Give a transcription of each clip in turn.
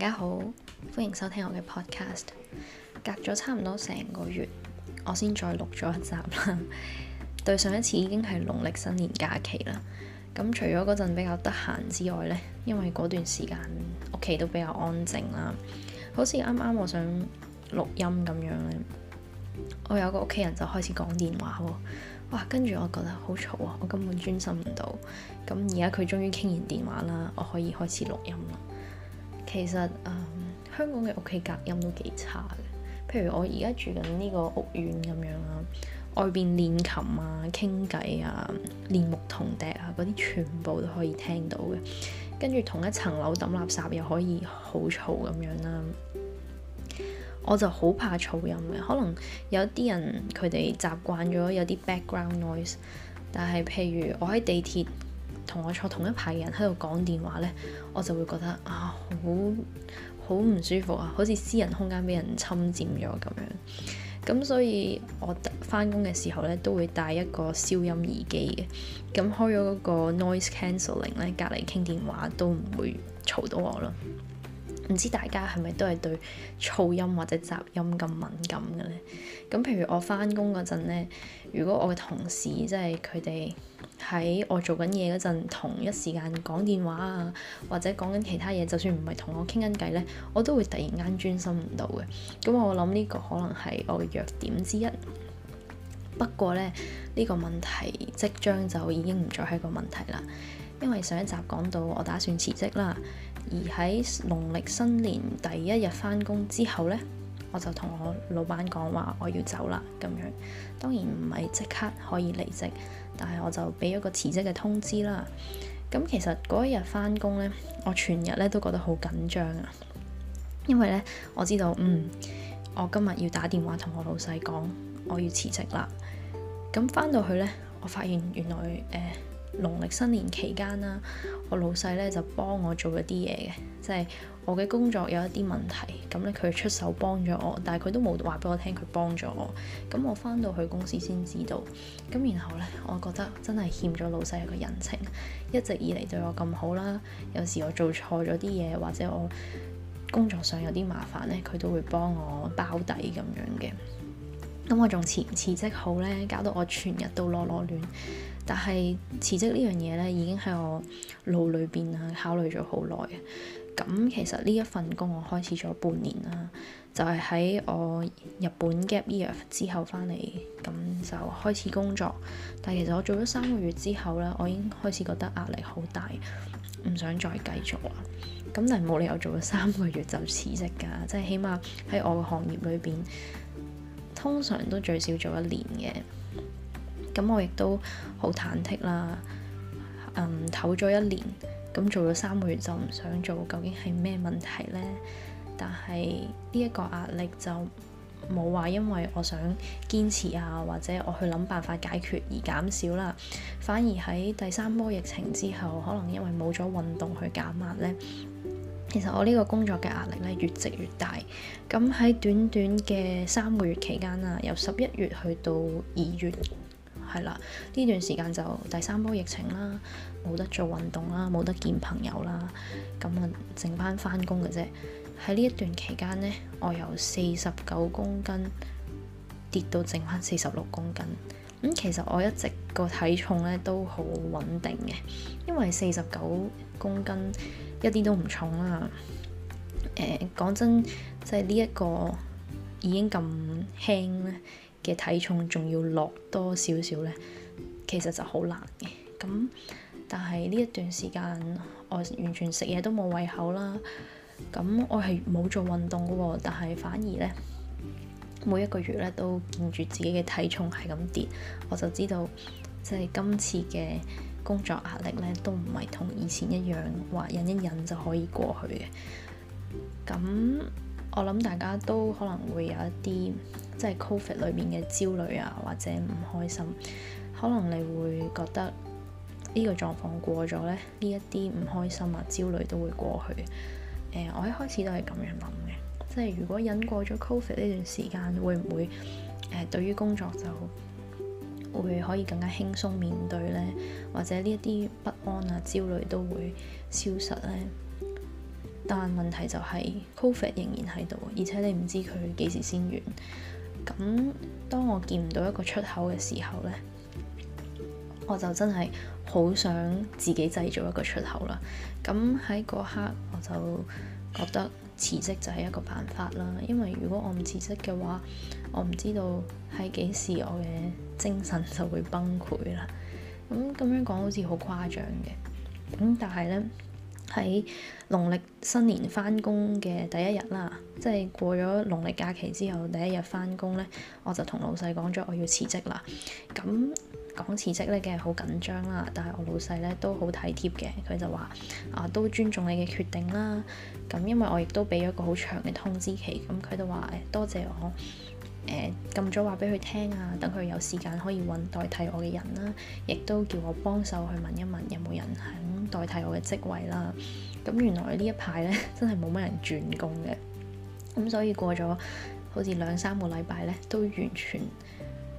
大家好，歡迎收聽我嘅 podcast。隔咗差唔多成個月，我先再錄咗一集啦。 對上一次已經係農曆新年假期啦。咁除咗嗰陣比較得閒之外呢，因為嗰段時間屋企都比較安靜啦。好似啱啱我想錄音咁樣咧，我有個屋企人就開始講電話喎。哇，跟住我覺得好嘈啊，我根本專心唔到。咁而家佢終於傾完電話啦，我可以開始錄音啦。其實誒、嗯，香港嘅屋企隔音都幾差嘅。譬如我而家住緊呢個屋苑咁樣啦，外邊練琴啊、傾偈啊、練牧童笛啊嗰啲，全部都可以聽到嘅。跟住同一層樓抌垃圾又可以好嘈咁樣啦。我就好怕噪音嘅，可能有啲人佢哋習慣咗有啲 background noise，但係譬如我喺地鐵，同我坐同一排嘅人喺度講電話咧，我就會覺得啊，好好唔舒服啊，好似私人空間俾人侵佔咗咁樣。咁所以我翻工嘅時候咧，都會帶一個消音耳機嘅。咁開咗嗰個 noise cancelling 咧，隔離傾電話都唔會嘈到我咯。唔知大家係咪都係對噪音或者雜音咁敏感嘅咧？咁譬如我翻工嗰陣咧，如果我嘅同事即係佢哋。就是喺我做緊嘢嗰陣，同一時間講電話啊，或者講緊其他嘢，就算唔係同我傾緊偈咧，我都會突然間專心唔到嘅。咁我諗呢個可能係我嘅弱點之一。不過咧，呢個問題即將就已經唔再係個問題啦，因為上一集講到我打算辭職啦。而喺農曆新年第一日翻工之後咧，我就同我老闆講話我要走啦咁樣。當然唔係即刻可以離職。但係我就俾咗個辭職嘅通知啦。咁其實嗰一日翻工呢，我全日咧都覺得好緊張啊，因為呢，我知道嗯，我今日要打電話同我老細講我要辭職啦。咁翻到去呢，我發現原來誒。呃農曆新年期間啦，我老細咧就幫我做咗啲嘢嘅，即係我嘅工作有一啲問題，咁咧佢出手幫咗我，但係佢都冇話俾我聽佢幫咗我，咁我返到去公司先知道，咁然後咧，我覺得真係欠咗老細一個人情，一直以嚟對我咁好啦，有時我做錯咗啲嘢或者我工作上有啲麻煩咧，佢都會幫我包底咁樣嘅，咁我仲辭唔辭職好咧，搞到我全日都落落亂。但係辭職呢樣嘢咧，已經喺我腦裏邊啊，考慮咗好耐嘅。咁其實呢一份工我開始咗半年啦，就係喺我日本 gap year 之後翻嚟，咁就開始工作。但係其實我做咗三個月之後咧，我已經開始覺得壓力好大，唔想再繼續啦。咁但係冇理由做咗三個月就辭職㗎，即係起碼喺我嘅行業裏邊，通常都最少做一年嘅。咁我亦都好忐忑啦。嗯，唞咗一年，咁做咗三個月就唔想做，究竟係咩問題呢？但係呢一個壓力就冇話，因為我想堅持啊，或者我去諗辦法解決而減少啦。反而喺第三波疫情之後，可能因為冇咗運動去減壓呢。其實我呢個工作嘅壓力咧越積越大。咁喺短短嘅三個月期間啊，由十一月去到二月。係啦，呢段時間就第三波疫情啦，冇得做運動啦，冇得見朋友啦，咁啊剩翻翻工嘅啫。喺呢一段期間呢，我由四十九公斤跌到剩翻四十六公斤。咁、嗯、其實我一直個體重呢都好穩定嘅，因為四十九公斤一啲都唔重啦。誒、呃，講真，即係呢一個已經咁輕咧。嘅體重仲要落多少少呢？其實就好難嘅。咁但係呢一段時間，我完全食嘢都冇胃口啦。咁我係冇做運動嘅喎，但係反而呢，每一個月呢都見住自己嘅體重係咁跌，我就知道即係、就是、今次嘅工作壓力呢，都唔係同以前一樣話忍一忍就可以過去嘅。咁我諗大家都可能會有一啲，即係 covid 裏面嘅焦慮啊，或者唔開心，可能你會覺得呢個狀況過咗呢，呢一啲唔開心啊、焦慮都會過去。呃、我一開始都係咁樣諗嘅，即係如果忍過咗 covid 呢段時間，會唔會誒、呃、對於工作就會可以更加輕鬆面對呢？或者呢一啲不安啊、焦慮都會消失呢？但問題就係 Covid 仍然喺度，而且你唔知佢幾時先完。咁當我見唔到一個出口嘅時候呢，我就真係好想自己製造一個出口啦。咁喺嗰刻我就覺得辭職就係一個辦法啦。因為如果我唔辭職嘅話，我唔知道喺幾時我嘅精神就會崩潰啦。咁咁樣講好似好誇張嘅，咁但係呢。喺農曆新年翻工嘅第一日啦，即係過咗農曆假期之後第一日翻工咧，我就同老細講咗我要辭職啦。咁講辭職咧梗係好緊張啦，但係我老細咧都好體貼嘅，佢就話啊都尊重你嘅決定啦。咁因為我亦都俾咗一個好長嘅通知期，咁佢就話誒、欸、多謝我。咁、呃、早話俾佢聽啊，等佢有時間可以揾代替我嘅人啦，亦都叫我幫手去問一問有冇人肯代替我嘅職位啦。咁、啊、原來呢一排呢，真係冇乜人轉工嘅，咁、啊、所以過咗好似兩三個禮拜呢，都完全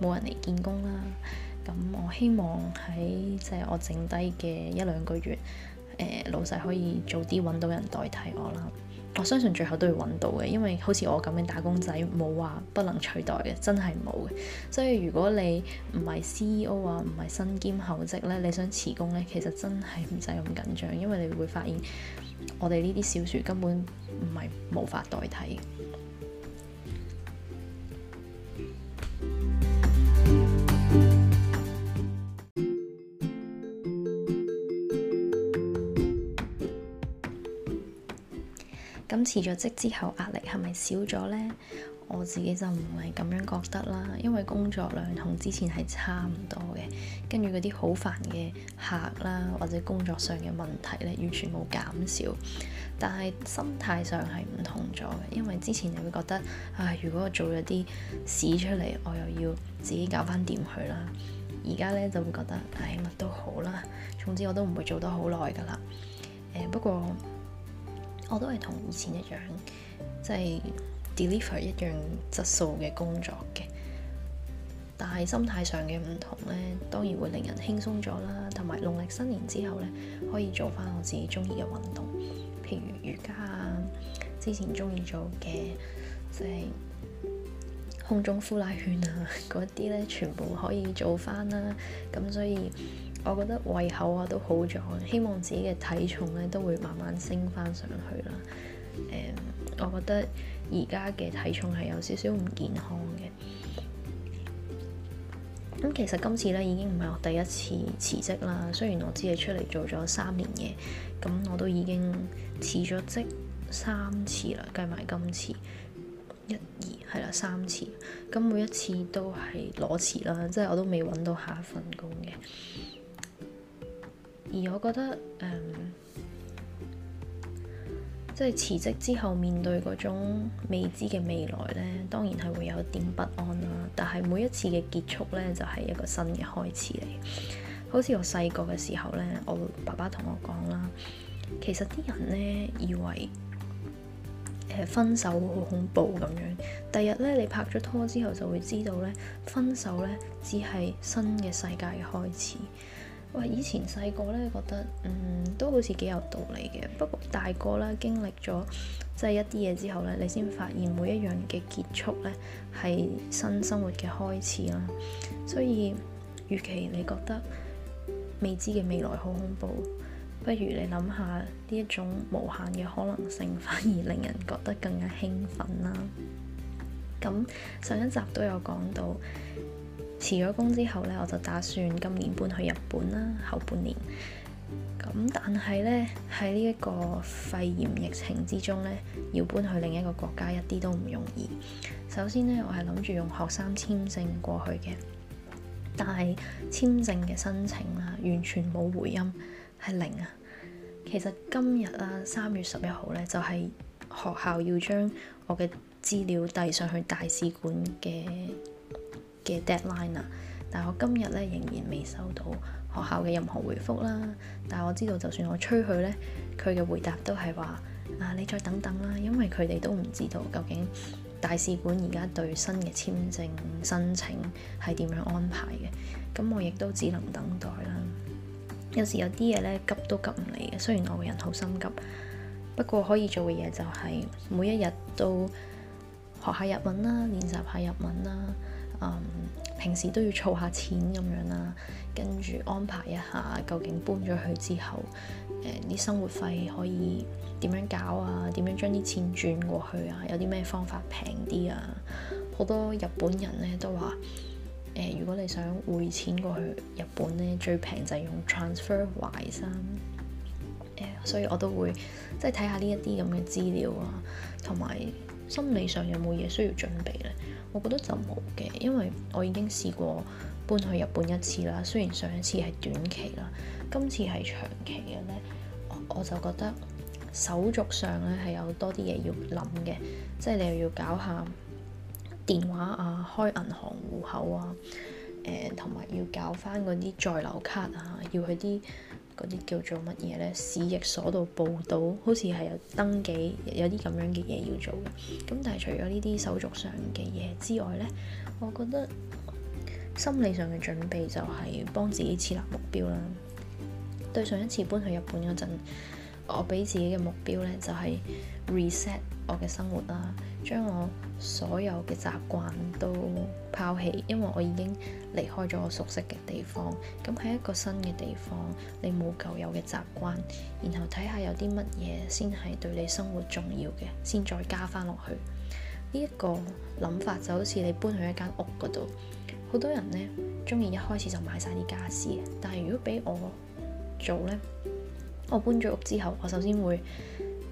冇人嚟見工啦。咁、啊、我希望喺即係我剩低嘅一兩個月，啊、老細可以早啲揾到人代替我啦。啊我相信最後都會揾到嘅，因為好似我咁嘅打工仔冇話不能取代嘅，真係冇嘅。所以如果你唔係 CEO 啊，唔係身兼厚職呢，你想辭工呢，其實真係唔使咁緊張，因為你會發現我哋呢啲小薯根本唔係無法代替。咁辭咗職之後壓力係咪少咗呢？我自己就唔係咁樣覺得啦，因為工作量同之前係差唔多嘅，跟住嗰啲好煩嘅客啦，或者工作上嘅問題咧，完全冇減少。但係心態上係唔同咗嘅，因為之前就會覺得啊，如果我做咗啲屎出嚟，我又要自己搞翻掂佢啦。而家呢，就會覺得唉，乜都好啦，總之我都唔會做得好耐㗎啦。誒不過。我都係同以前一樣，即係 deliver 一樣質素嘅工作嘅。但係心態上嘅唔同咧，當然會令人輕鬆咗啦。同埋農曆新年之後咧，可以做翻我自己中意嘅運動，譬如瑜伽啊，之前中意做嘅，即係空中呼啦圈啊嗰啲咧，全部可以做翻啦。咁所以。我覺得胃口啊都好咗，希望自己嘅體重咧都會慢慢升返上去啦、嗯。我覺得而家嘅體重係有少少唔健康嘅。咁、嗯、其實今次咧已經唔係我第一次辭職啦。雖然我只係出嚟做咗三年嘢，咁我都已經辭咗職三次啦，計埋今次，一二係啦三次。咁每一次都係裸辭啦，即係我都未揾到下一份工嘅。而我覺得誒，即係辭職之後面對嗰種未知嘅未來呢，當然係會有一點不安啦。但係每一次嘅結束呢，就係一個新嘅開始嚟。好似我細個嘅時候呢，我爸爸同我講啦，其實啲人呢以為誒、呃、分手會好恐怖咁樣，第日呢，你拍咗拖之後就會知道呢，分手呢，只係新嘅世界嘅開始。以前細個咧覺得，嗯，都好似幾有道理嘅。不過大個啦，經歷咗即係一啲嘢之後咧，你先發現每一樣嘅結束咧，係新生活嘅開始啦。所以，與其你覺得未知嘅未來好恐怖，不如你諗下呢一種無限嘅可能性，反而令人覺得更加興奮啦。咁上一集都有講到。辭咗工之後咧，我就打算今年搬去日本啦。後半年咁，但係咧喺呢一個肺炎疫情之中咧，要搬去另一個國家一啲都唔容易。首先咧，我係諗住用學生簽證過去嘅，但係簽證嘅申請呀，完全冇回音，係零啊。其實今日呀，三月十一號咧，就係、是、學校要將我嘅資料遞上去大使館嘅。嘅 deadline 但係我今日咧仍然未收到學校嘅任何回覆啦。但係我知道，就算我催佢咧，佢嘅回答都係話啊，你再等等啦，因為佢哋都唔知道究竟大使館而家對新嘅簽證申請係點樣安排嘅。咁我亦都只能等待啦。有時有啲嘢咧急都急唔嚟嘅。雖然我個人好心急，不過可以做嘅嘢就係每一日都學下日文啦，練習下日文啦。嗯、平時都要儲下錢咁樣啦，跟住安排一下究竟搬咗去之後，誒、呃、啲生活費可以點樣搞啊？點樣將啲錢轉過去啊？有啲咩方法平啲啊？好多日本人咧都話，誒、呃、如果你想匯錢過去日本咧，最平就係用 Transferwise、啊、呃、所以我都會即係睇下呢一啲咁嘅資料啊，同埋心理上有冇嘢需要準備咧？我覺得就冇嘅，因為我已經試過搬去日本一次啦。雖然上一次係短期啦，今次係長期嘅咧，我我就覺得手續上咧係有多啲嘢要諗嘅，即係你又要搞下電話啊、開銀行戶口啊、誒同埋要搞返嗰啲在留卡啊，要去啲。嗰啲叫做乜嘢咧？市役所度報到，好似係有登記，有啲咁樣嘅嘢要做。咁但係除咗呢啲手續上嘅嘢之外咧，我覺得心理上嘅準備就係幫自己設立目標啦。對上一次搬去日本嗰陣，我俾自己嘅目標咧就係 reset 我嘅生活啦。將我所有嘅習慣都拋棄，因為我已經離開咗我熟悉嘅地方。咁喺一個新嘅地方，你冇舊有嘅習慣，然後睇下有啲乜嘢先係對你生活重要嘅，先再加翻落去。呢一個諗法就好似你搬去一間屋嗰度，好多人呢，中意一開始就買晒啲傢俬，但係如果俾我做呢，我搬咗屋之後，我首先會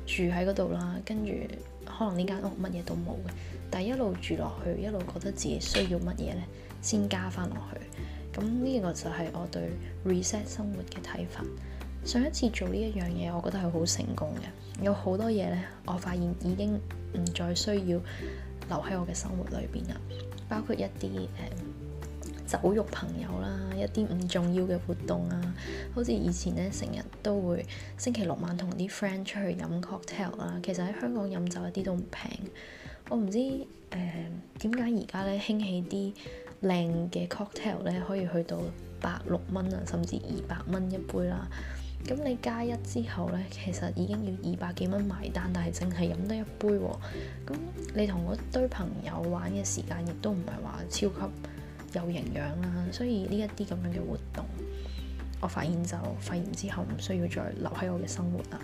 住喺嗰度啦，跟住。可能呢間屋乜嘢都冇嘅，但係一路住落去，一路覺得自己需要乜嘢咧，先加翻落去。咁呢個就係我對 reset 生活嘅睇法。上一次做呢一樣嘢，我覺得係好成功嘅，有好多嘢咧，我發現已經唔再需要留喺我嘅生活裏邊啦，包括一啲誒，呃酒肉朋友啦，一啲唔重要嘅活動啊，好似以前咧，成日都會星期六晚同啲 friend 出去飲 cocktail 啦。其實喺香港飲酒一啲都唔平，我唔知誒點解而家咧興起啲靚嘅 cocktail 咧，可以去到百六蚊啊，甚至二百蚊一杯啦。咁你加一之後咧，其實已經要二百幾蚊埋單，但係淨係飲得一杯喎。咁你同嗰堆朋友玩嘅時間亦都唔係話超級。有營養啦，所以呢一啲咁樣嘅活動，我發現就肺炎之後唔需要再留喺我嘅生活啦。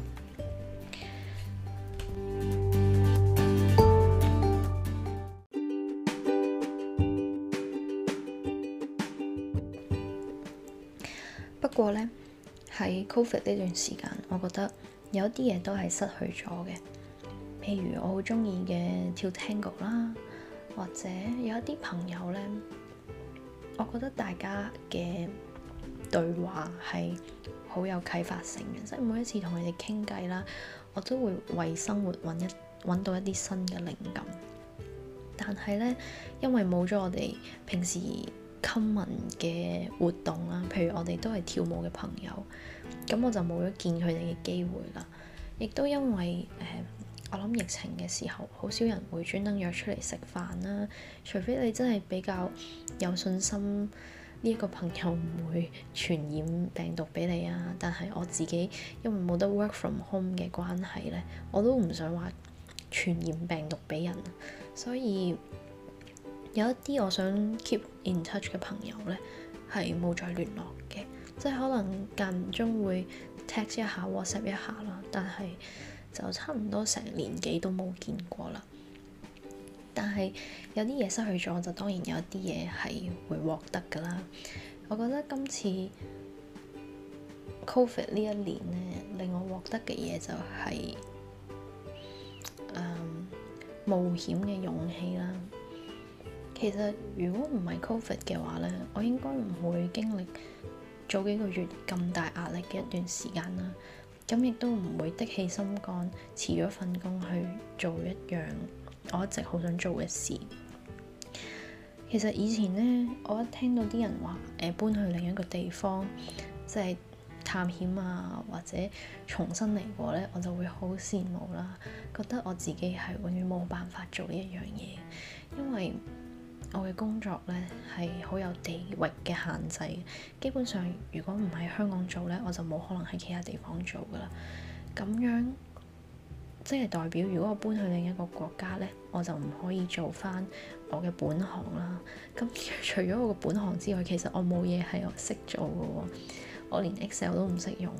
不過呢，喺 Covid 呢段時間，我覺得有啲嘢都係失去咗嘅，譬如我好中意嘅跳 tango 啦，或者有一啲朋友呢。我覺得大家嘅對話係好有啟發性嘅，所以每一次同佢哋傾偈啦，我都會為生活揾一，揾到一啲新嘅靈感。但係呢，因為冇咗我哋平時 common 嘅活動啦，譬如我哋都係跳舞嘅朋友，咁我就冇咗見佢哋嘅機會啦。亦都因為誒。呃我諗疫情嘅時候，好少人會專登約出嚟食飯啦。除非你真係比較有信心呢一個朋友唔會傳染病毒俾你啊。但係我自己因為冇得 work from home 嘅關係咧，我都唔想話傳染病毒俾人，所以有一啲我想 keep in touch 嘅朋友咧係冇再聯絡嘅，即係可能間唔中會 text 一下、WhatsApp 一下啦，但係，就差唔多成年幾都冇見過啦，但係有啲嘢失去咗，就當然有啲嘢係會獲得噶啦。我覺得今次 Covid 呢一年咧，令我獲得嘅嘢就係、是嗯、冒險嘅勇氣啦。其實如果唔係 Covid 嘅話咧，我應該唔會經歷早幾個月咁大壓力嘅一段時間啦。咁亦都唔會的起心肝辭咗份工去做一樣我一直好想做嘅事。其實以前呢，我一聽到啲人話誒、呃、搬去另一個地方即係、就是、探險啊，或者重新嚟過呢，我就會好羨慕啦，覺得我自己係永遠冇辦法做呢一樣嘢，因為。我嘅工作咧係好有地域嘅限制，基本上如果唔喺香港做咧，我就冇可能喺其他地方做噶啦。咁樣即係代表，如果我搬去另一個國家咧，我就唔可以做翻我嘅本行啦。咁除咗我嘅本行之外，其實我冇嘢係我識做嘅喎、哦，我連 Excel 都唔識用，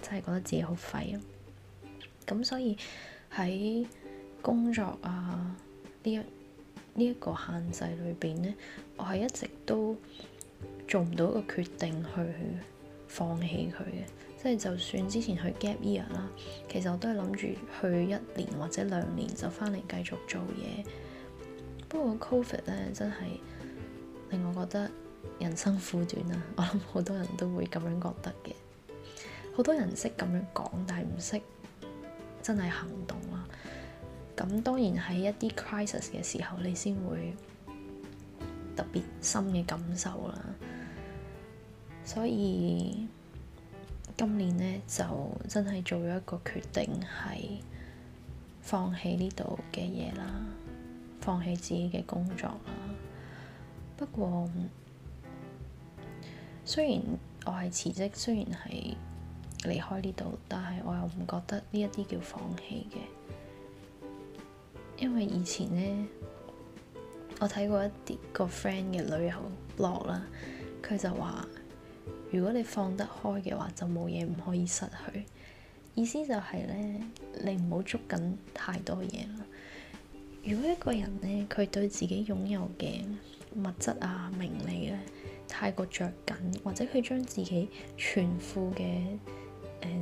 真係覺得自己好廢啊！咁所以喺工作啊呢一呢一個限制裏邊呢，我係一直都做唔到一個決定去放棄佢嘅，即係就算之前去 gap year 啦，其實我都係諗住去一年或者兩年就翻嚟繼續做嘢。不過 covid 咧真係令我覺得人生苦短啊！我諗好多人都會咁樣覺得嘅，好多人識咁樣講，但係唔識真係行動啦。咁當然喺一啲 crisis 嘅時候，你先會特別深嘅感受啦。所以今年呢，就真係做咗一個決定，係放棄呢度嘅嘢啦，放棄自己嘅工作啦。不過雖然我係辭職，雖然係離開呢度，但係我又唔覺得呢一啲叫放棄嘅。因為以前咧，我睇過一啲個 friend 嘅旅遊 blog 啦，佢就話：如果你放得開嘅話，就冇嘢唔可以失去。意思就係咧，你唔好捉緊太多嘢啦。如果一個人咧，佢對自己擁有嘅物質啊、名利咧，太過着緊，或者佢將自己全副嘅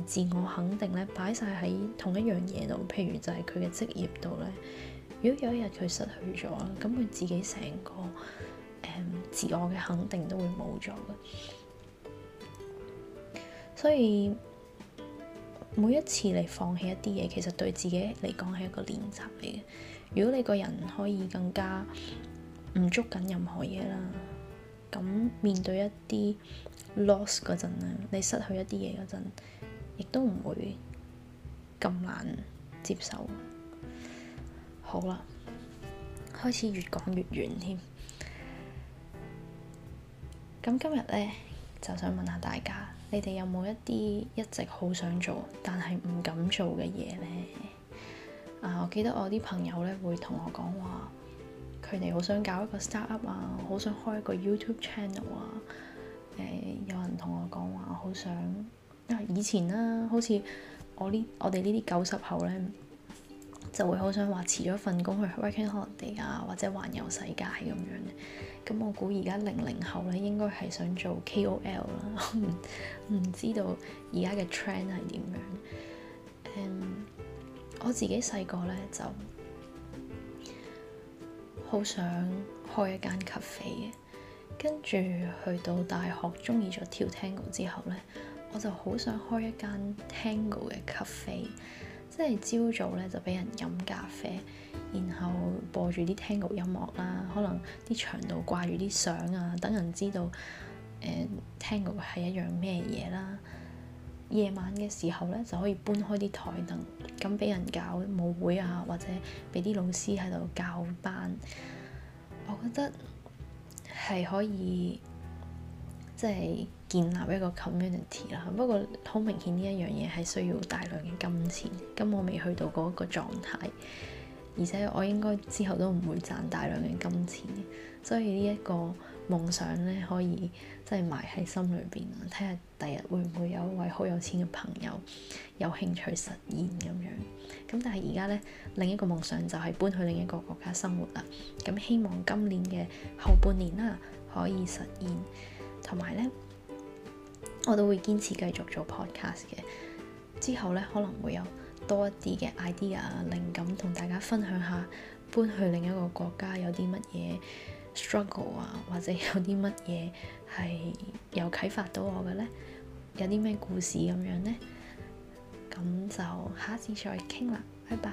自我肯定咧，擺晒喺同一樣嘢度，譬如就係佢嘅職業度咧。如果有一日佢失去咗，咁佢自己成個、嗯、自我嘅肯定都會冇咗嘅。所以每一次嚟放棄一啲嘢，其實對自己嚟講係一個練習嚟嘅。如果你個人可以更加唔捉緊任何嘢啦，咁面對一啲 loss 嗰陣咧，你失去一啲嘢嗰陣，亦都唔會咁難接受。好啦，開始越講越遠添。咁今日呢，就想問下大家，你哋有冇一啲一直好想做但係唔敢做嘅嘢呢？啊，我記得我啲朋友呢會同我講話，佢哋好想搞一個 start up 啊，好想開一個 YouTube channel 啊。誒、呃，有人同我講話，我好想。以前啦，好似我，我呢我哋呢啲九十後咧，就會好想話辭咗份工去 working holiday 啊，或者環遊世界咁樣。咁我估而家零零後咧，應該係想做 KOL 啦。唔 知道而家嘅 trend 係點樣？誒、嗯，我自己細個咧就好想開一間 cafe 嘅，跟住去到大學鍾意咗跳 tango 之後咧。我就好想開一間 Tango 嘅 cafe，即係朝早咧就俾人飲咖啡，然後播住啲 Tango 音樂啦，可能啲牆度掛住啲相啊，等人知道誒、呃、Tango 係一樣咩嘢啦。夜晚嘅時候咧就可以搬開啲台凳，咁俾人搞舞會啊，或者俾啲老師喺度教班。我覺得係可以。即係建立一個 community 啦。不過好明顯呢一樣嘢係需要大量嘅金錢，咁我未去到嗰個狀態，而且我應該之後都唔會賺大量嘅金錢，所以呢一個夢想呢，可以即係埋喺心裏邊，睇下第日會唔會有一位好有錢嘅朋友有興趣實現咁樣。咁但係而家呢，另一個夢想就係搬去另一個國家生活啦。咁希望今年嘅後半年啦，可以實現。同埋咧，我都會堅持繼續做 podcast 嘅。之後咧，可能會有多一啲嘅 idea 靈感，同大家分享下搬去另一個國家有啲乜嘢 struggle 啊，或者有啲乜嘢係有啟發到我嘅咧，有啲咩故事咁樣咧？咁就下一次再傾啦，拜拜。